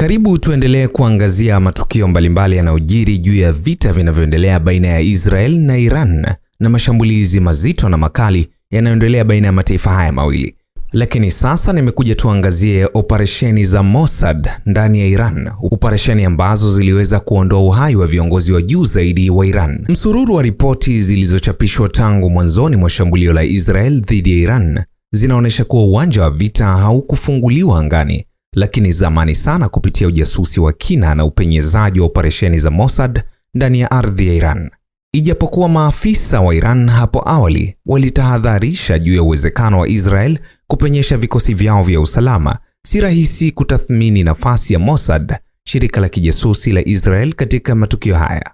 Karibu tuendelee kuangazia matukio mbalimbali yanayojiri juu ya vita vinavyoendelea baina ya Israel na Iran na mashambulizi mazito na makali yanayoendelea baina ya mataifa haya mawili. Lakini sasa nimekuja tuangazie operesheni za Mossad ndani ya Iran, operesheni ambazo ziliweza kuondoa uhai wa viongozi wa juu zaidi wa Iran. Msururu wa ripoti zilizochapishwa tangu mwanzoni mwa shambulio la Israel dhidi ya Iran zinaonyesha kuwa uwanja wa vita haukufunguliwa angani lakini zamani sana kupitia ujasusi wa kina na upenyezaji wa operesheni za Mossad ndani ya ardhi ya Iran. Ijapokuwa maafisa wa Iran hapo awali walitahadharisha juu ya uwezekano wa Israel kupenyesha vikosi vyao vya usalama, si rahisi kutathmini nafasi ya Mossad, shirika la kijasusi la Israel katika matukio haya.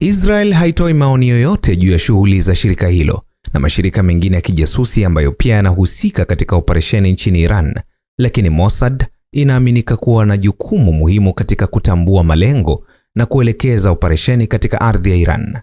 Israel haitoi maoni yoyote juu ya shughuli za shirika hilo na mashirika mengine ya kijasusi ambayo pia yanahusika katika operesheni nchini Iran, lakini Mossad inaaminika kuwa na jukumu muhimu katika kutambua malengo na kuelekeza operesheni katika ardhi ya Iran.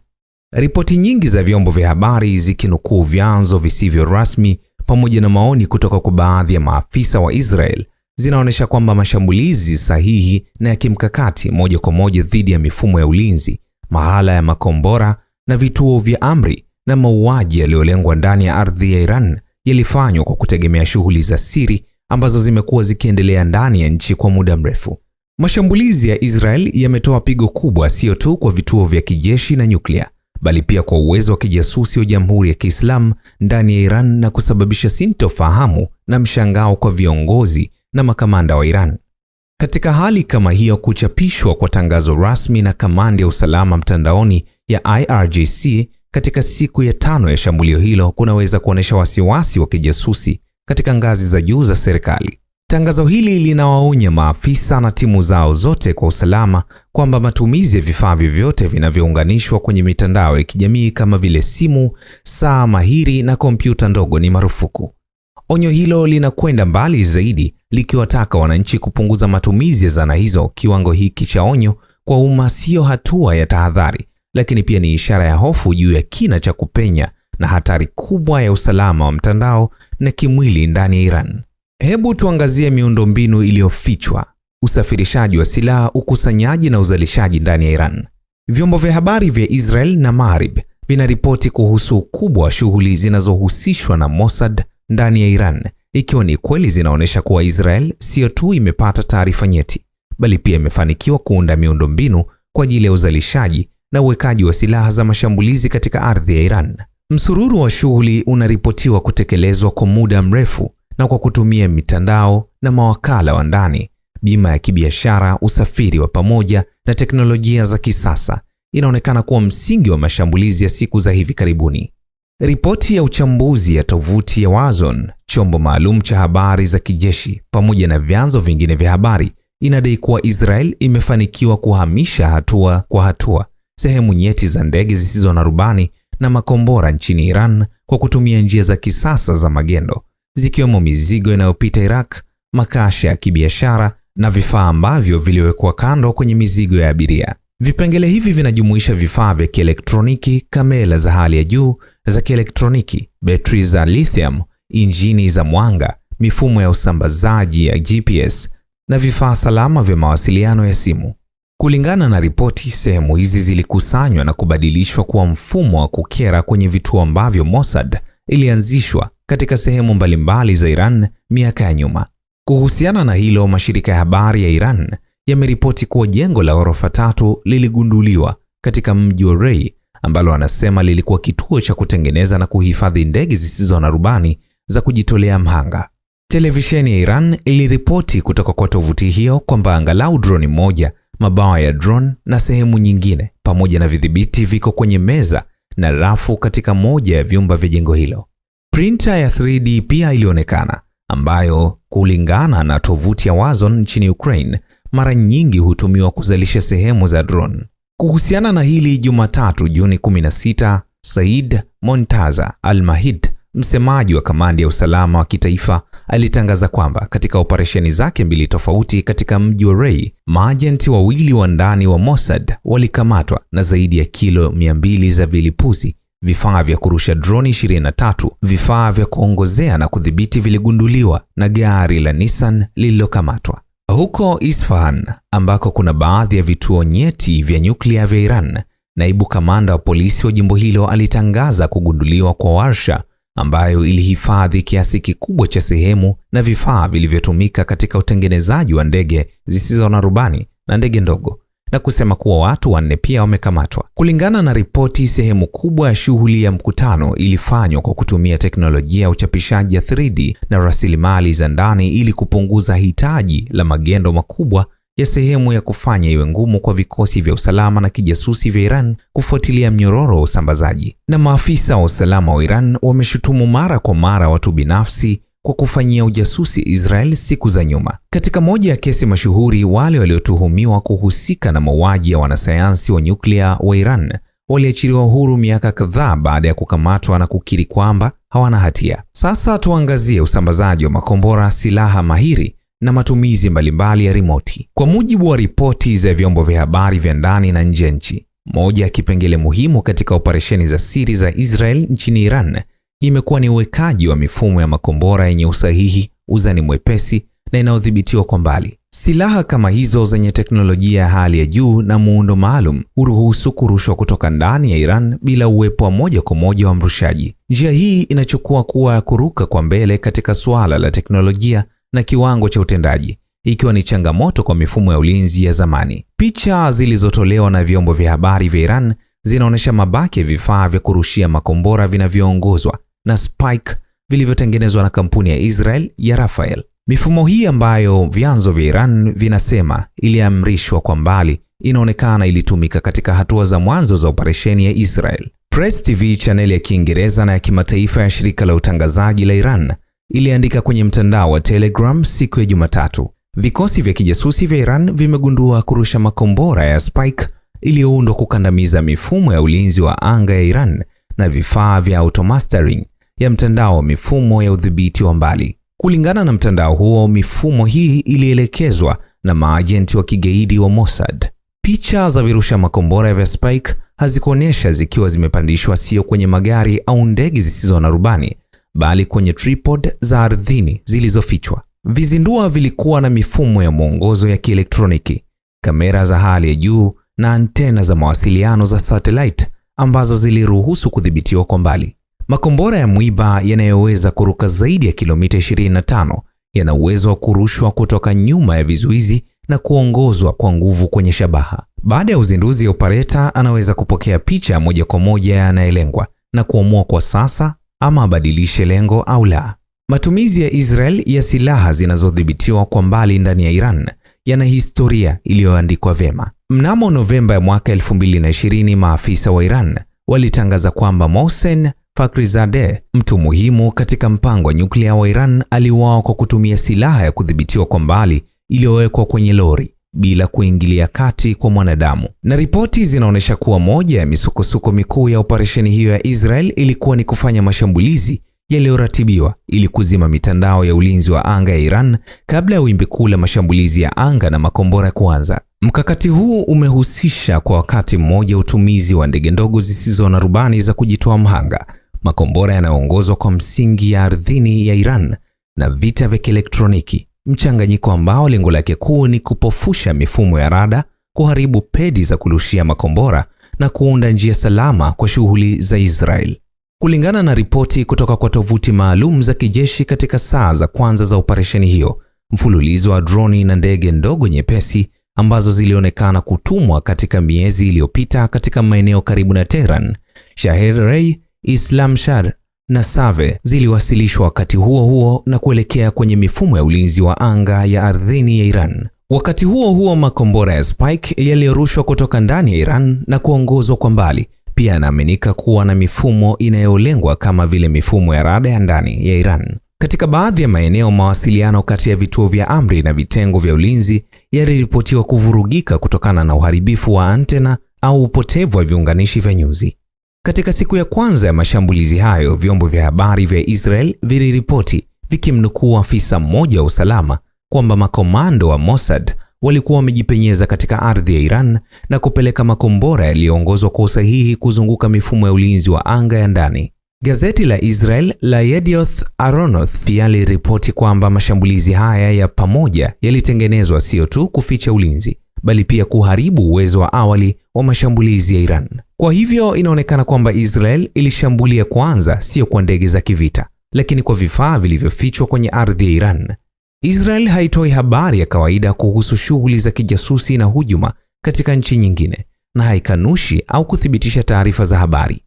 Ripoti nyingi za vyombo vya habari zikinukuu vyanzo visivyo rasmi pamoja na maoni kutoka kwa baadhi ya maafisa wa Israel zinaonyesha kwamba mashambulizi sahihi na ya kimkakati moja kwa moja dhidi ya mifumo ya ulinzi, mahala ya makombora na vituo vya amri na mauaji yaliyolengwa ndani ya ardhi ya Iran yalifanywa kwa kutegemea shughuli za siri ambazo zimekuwa zikiendelea ndani ya nchi kwa muda mrefu. Mashambulizi ya Israel yametoa pigo kubwa sio tu kwa vituo vya kijeshi na nyuklia, bali pia kwa uwezo wa kijasusi wa Jamhuri ya Kiislamu ndani ya Iran na kusababisha sintofahamu na mshangao kwa viongozi na makamanda wa Iran. Katika hali kama hiyo, kuchapishwa kwa tangazo rasmi na kamanda ya usalama mtandaoni ya IRGC katika siku ya tano ya shambulio hilo kunaweza kuonesha wasiwasi wa kijasusi katika ngazi za juu za serikali. Tangazo hili linawaonya maafisa na timu zao zote kwa usalama kwamba matumizi ya vifaa vyovyote vinavyounganishwa kwenye mitandao ya kijamii kama vile simu, saa mahiri na kompyuta ndogo ni marufuku. Onyo hilo linakwenda mbali zaidi likiwataka wananchi kupunguza matumizi ya zana hizo. Kiwango hiki cha onyo kwa umma siyo hatua ya tahadhari, lakini pia ni ishara ya hofu juu ya kina cha kupenya na hatari kubwa ya usalama wa mtandao na kimwili ndani ya Iran. Hebu tuangazie miundombinu iliyofichwa: usafirishaji wa silaha, ukusanyaji na uzalishaji ndani ya Iran. Vyombo vya habari vya Israel na Maarib vinaripoti kuhusu ukubwa wa shughuli zinazohusishwa na Mossad ndani ya Iran. Ikiwa ni kweli, zinaonyesha kuwa Israel siyo tu imepata taarifa nyeti, bali pia imefanikiwa kuunda miundombinu kwa ajili ya uzalishaji na uwekaji wa silaha za mashambulizi katika ardhi ya Iran. Msururu wa shughuli unaripotiwa kutekelezwa kwa muda mrefu na kwa kutumia mitandao na mawakala wa ndani, bima ya kibiashara, usafiri wa pamoja na teknolojia za kisasa inaonekana kuwa msingi wa mashambulizi ya siku za hivi karibuni. Ripoti ya uchambuzi ya tovuti ya Wazon, chombo maalum cha habari za kijeshi, pamoja na vyanzo vingine vya habari, inadai kuwa Israel imefanikiwa kuhamisha hatua kwa hatua sehemu nyeti za ndege zisizo na rubani na makombora nchini Iran kwa kutumia njia za kisasa za magendo, zikiwemo mizigo inayopita Iraq, makasha ya kibiashara na vifaa ambavyo viliwekwa kando kwenye mizigo ya abiria. Vipengele hivi vinajumuisha vifaa vya kielektroniki, kamera za hali ya juu za kielektroniki, betri za lithium, injini za mwanga, mifumo ya usambazaji ya GPS na vifaa salama vya mawasiliano ya simu. Kulingana na ripoti, sehemu hizi zilikusanywa na kubadilishwa kuwa mfumo wa kukera kwenye vituo ambavyo Mossad ilianzishwa katika sehemu mbalimbali za Iran miaka ya nyuma. Kuhusiana na hilo, mashirika ya habari ya Iran yameripoti kuwa jengo la ghorofa tatu liligunduliwa katika mji wa Rey ambalo wanasema lilikuwa kituo cha kutengeneza na kuhifadhi ndege zisizo na rubani za kujitolea mhanga. Televisheni ya Iran iliripoti kutoka kwa tovuti hiyo kwamba angalau droni moja mabawa ya drone na sehemu nyingine, pamoja na vidhibiti viko kwenye meza na rafu katika moja ya vyumba vya jengo hilo. Printer ya 3D pia ilionekana, ambayo kulingana na tovuti ya Wazon nchini Ukraine, mara nyingi hutumiwa kuzalisha sehemu za drone. Kuhusiana na hili, Jumatatu Juni 16, Said Montaza Al-Mahid Msemaji wa kamandi ya usalama wa kitaifa alitangaza kwamba katika operesheni zake mbili tofauti katika mji wa ray maajenti wawili wa ndani wa Mossad walikamatwa na zaidi ya kilo 200 za vilipuzi, vifaa vya kurusha droni 23, vifaa vya kuongozea na kudhibiti viligunduliwa na gari la Nissan lililokamatwa. Huko Isfahan ambako kuna baadhi ya vituo nyeti vya nyuklia vya Iran, naibu kamanda wa polisi wa jimbo hilo alitangaza kugunduliwa kwa warsha ambayo ilihifadhi kiasi kikubwa cha sehemu na vifaa vilivyotumika katika utengenezaji wa ndege zisizo na rubani na ndege ndogo na kusema kuwa watu wanne pia wamekamatwa. Kulingana na ripoti, sehemu kubwa ya shughuli ya mkutano ilifanywa kwa kutumia teknolojia ya uchapishaji ya 3D na rasilimali za ndani ili kupunguza hitaji la magendo makubwa ya sehemu ya kufanya iwe ngumu kwa vikosi vya usalama na kijasusi vya Iran kufuatilia mnyororo wa usambazaji. Na maafisa wa usalama wa Iran wameshutumu mara kwa mara watu binafsi kwa kufanyia ujasusi Israel siku za nyuma. Katika moja ya kesi mashuhuri, wale waliotuhumiwa kuhusika na mauaji ya wanasayansi wa nyuklia wa Iran waliachiliwa huru miaka kadhaa baada ya kukamatwa na kukiri kwamba hawana hatia. Sasa tuangazie usambazaji wa makombora, silaha mahiri na matumizi mbalimbali ya rimoti. Kwa mujibu wa ripoti za vyombo vya habari vya ndani na nje ya nchi, moja ya kipengele muhimu katika operesheni za siri za Israel nchini Iran imekuwa ni uwekaji wa mifumo ya makombora yenye usahihi, uzani mwepesi na inayodhibitiwa kwa mbali. Silaha kama hizo zenye teknolojia ya hali ya juu na muundo maalum huruhusu kurushwa kutoka ndani ya Iran bila uwepo wa moja kwa moja wa mrushaji. Njia hii inachukua kuwa ya kuruka kwa mbele katika suala la teknolojia na kiwango cha utendaji, ikiwa ni changamoto kwa mifumo ya ulinzi ya zamani. Picha zilizotolewa na vyombo vya habari vya Iran zinaonyesha mabaki ya vifaa vya kurushia makombora vinavyoongozwa na spike vilivyotengenezwa na kampuni ya Israel ya Rafael. Mifumo hii ambayo vyanzo vya Iran vinasema iliamrishwa kwa mbali, inaonekana ilitumika katika hatua za mwanzo za operesheni ya Israel. Press TV, chaneli ya Kiingereza na ya kimataifa ya shirika la utangazaji la Iran, iliandika kwenye mtandao wa Telegram siku ya Jumatatu, vikosi vya kijasusi vya Iran vimegundua kurusha makombora ya Spike iliyoundwa kukandamiza mifumo ya ulinzi wa anga ya Iran na vifaa vya automastering ya mtandao wa mifumo ya udhibiti wa mbali. Kulingana na mtandao huo, mifumo hii ilielekezwa na maajenti wa kigaidi wa Mossad. Picha za virusha makombora vya Spike hazikuonyesha zikiwa zimepandishwa sio kwenye magari au ndege zisizo na rubani, bali kwenye tripod za ardhini zilizofichwa. Vizindua vilikuwa na mifumo ya mwongozo ya kielektroniki, kamera za hali ya juu na antena za mawasiliano za satellite ambazo ziliruhusu kudhibitiwa kwa mbali. Makombora ya mwiba yanayoweza kuruka zaidi ya kilomita 25 yana uwezo wa kurushwa kutoka nyuma ya vizuizi na kuongozwa kwa nguvu kwenye shabaha. Baada ya uzinduzi, opareta anaweza kupokea picha moja kwa moja ya anayelengwa na kuamua kwa sasa ama abadilishe lengo au la. Matumizi ya Israel ya silaha zinazodhibitiwa kwa mbali ndani ya Iran yana historia iliyoandikwa vyema. Mnamo Novemba ya mwaka 2020, maafisa wa Iran walitangaza kwamba Mohsen Fakhrizadeh, mtu muhimu katika mpango wa nyuklia wa Iran, aliuawa kwa kutumia silaha ya kudhibitiwa kwa mbali iliyowekwa kwenye lori bila kuingilia kati kwa mwanadamu. Na ripoti zinaonyesha kuwa moja ya misukosuko mikuu ya operesheni hiyo ya Israel ilikuwa ni kufanya mashambulizi yaliyoratibiwa ili kuzima mitandao ya ulinzi wa anga ya Iran kabla ya wimbi kuu la mashambulizi ya anga na makombora kuanza. Mkakati huu umehusisha kwa wakati mmoja utumizi wa ndege ndogo zisizo na rubani za kujitoa mhanga, makombora yanayoongozwa kwa msingi ya ardhini ya Iran na vita vya kielektroniki mchanganyiko ambao lengo lake kuu ni kupofusha mifumo ya rada, kuharibu pedi za kurushia makombora na kuunda njia salama kwa shughuli za Israel. Kulingana na ripoti kutoka kwa tovuti maalum za kijeshi, katika saa za kwanza za operesheni hiyo, mfululizo wa droni na ndege ndogo nyepesi ambazo zilionekana kutumwa katika miezi iliyopita katika maeneo karibu na Tehran, Shaher Rey Islam Shar na SAVE ziliwasilishwa wakati huo huo na kuelekea kwenye mifumo ya ulinzi wa anga ya ardhini ya Iran. Wakati huo huo, makombora ya Spike yaliyorushwa kutoka ndani ya Iran na kuongozwa kwa mbali pia yanaaminika kuwa na mifumo inayolengwa kama vile mifumo ya rada ya ndani ya Iran. Katika baadhi ya maeneo, mawasiliano kati ya vituo vya amri na vitengo vya ulinzi yaliripotiwa kuvurugika kutokana na uharibifu wa antena au upotevu wa viunganishi vya nyuzi. Katika siku ya kwanza ya mashambulizi hayo, vyombo vya habari vya Israel viliripoti vikimnukuu afisa mmoja wa usalama kwamba makomando wa Mossad walikuwa wamejipenyeza katika ardhi ya Iran na kupeleka makombora yaliyoongozwa kwa usahihi kuzunguka mifumo ya ulinzi wa anga ya ndani. Gazeti la Israel la Yedioth Aronoth pia liripoti kwamba mashambulizi haya ya pamoja yalitengenezwa sio tu kuficha ulinzi, bali pia kuharibu uwezo wa awali wa mashambulizi ya Iran. Kwa hivyo inaonekana kwamba Israel ilishambulia kwanza, sio kwa ndege za kivita, lakini kwa vifaa vilivyofichwa kwenye ardhi ya Iran. Israel haitoi habari ya kawaida kuhusu shughuli za kijasusi na hujuma katika nchi nyingine na haikanushi au kuthibitisha taarifa za habari.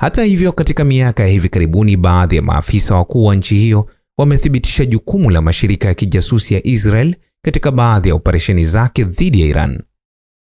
Hata hivyo, katika miaka ya hivi karibuni, baadhi ya maafisa wakuu wa nchi hiyo wamethibitisha jukumu la mashirika ya kijasusi ya Israel katika baadhi ya operesheni zake dhidi ya Iran.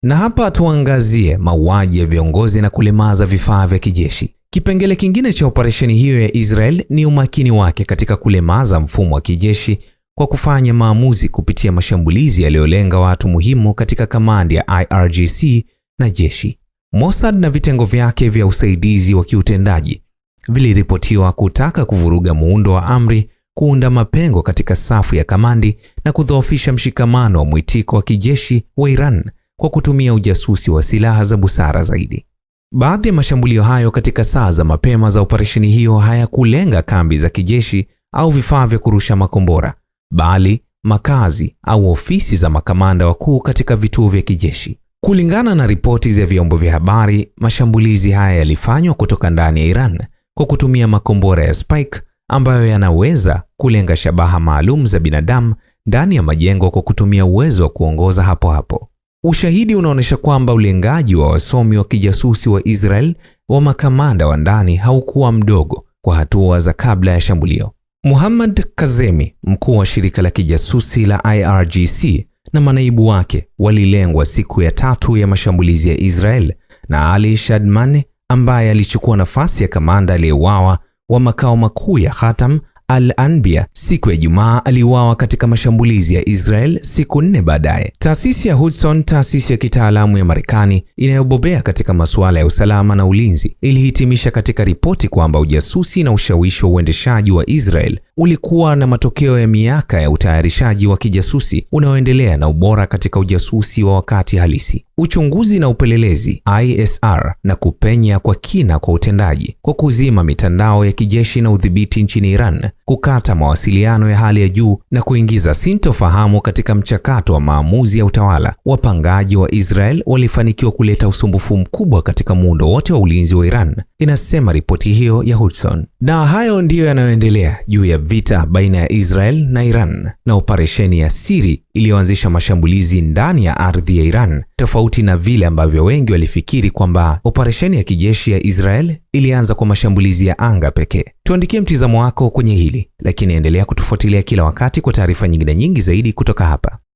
Na hapa tuangazie mauaji ya viongozi na kulemaza vifaa vya kijeshi. Kipengele kingine cha operesheni hiyo ya Israel ni umakini wake katika kulemaza mfumo wa kijeshi kwa kufanya maamuzi kupitia mashambulizi yaliyolenga watu muhimu katika kamandi ya IRGC na jeshi. Mossad na vitengo vyake vya usaidizi wa kiutendaji viliripotiwa kutaka kuvuruga muundo wa amri, kuunda mapengo katika safu ya kamandi na kudhoofisha mshikamano wa mwitiko wa kijeshi wa Iran kwa kutumia ujasusi wa silaha za busara zaidi. Baadhi ya mashambulio hayo katika saa za mapema za operesheni hiyo hayakulenga kambi za kijeshi au vifaa vya kurusha makombora, bali makazi au ofisi za makamanda wakuu katika vituo vya kijeshi. Kulingana na ripoti za vyombo vya habari, mashambulizi haya yalifanywa kutoka ndani ya Iran kwa kutumia makombora ya Spike ambayo yanaweza kulenga shabaha maalum za binadamu ndani ya majengo kwa kutumia uwezo wa kuongoza hapo hapo. Ushahidi unaonyesha kwamba ulengaji wa wasomi wa kijasusi wa Israel wa makamanda wa ndani haukuwa mdogo kwa hatua za kabla ya shambulio. Muhammad Kazemi, mkuu wa shirika la kijasusi la IRGC na manaibu wake walilengwa siku ya tatu ya mashambulizi ya Israel, na Ali shadmani ambaye alichukua nafasi ya kamanda aliyeuawa wa makao makuu ya Khatam al Anbia siku ya Ijumaa aliuawa katika mashambulizi ya Israel siku nne baadaye. Taasisi ya Hudson, taasisi ya kitaalamu ya Marekani inayobobea katika masuala ya usalama na ulinzi, ilihitimisha katika ripoti kwamba ujasusi na ushawishi wa uendeshaji wa Israel ulikuwa na matokeo ya miaka ya utayarishaji wa kijasusi unaoendelea na ubora katika ujasusi wa wakati halisi, uchunguzi na upelelezi ISR, na kupenya kwa kina kwa utendaji kwa kuzima mitandao ya kijeshi na udhibiti nchini Iran kukata mawasiliano ya hali ya juu na kuingiza sintofahamu katika mchakato wa maamuzi ya utawala. Wapangaji wa Israel walifanikiwa kuleta usumbufu mkubwa katika muundo wote wa ulinzi wa Iran inasema ripoti hiyo ya Hudson. Na hayo ndiyo yanayoendelea juu ya vita baina ya Israel na Iran na operesheni ya siri iliyoanzisha mashambulizi ndani ya ardhi ya Iran, tofauti na vile ambavyo wengi walifikiri kwamba operesheni ya kijeshi ya Israel ilianza kwa mashambulizi ya anga pekee. Tuandikie mtizamo wako kwenye hili, lakini endelea kutufuatilia kila wakati kwa taarifa nyingine nyingi zaidi kutoka hapa.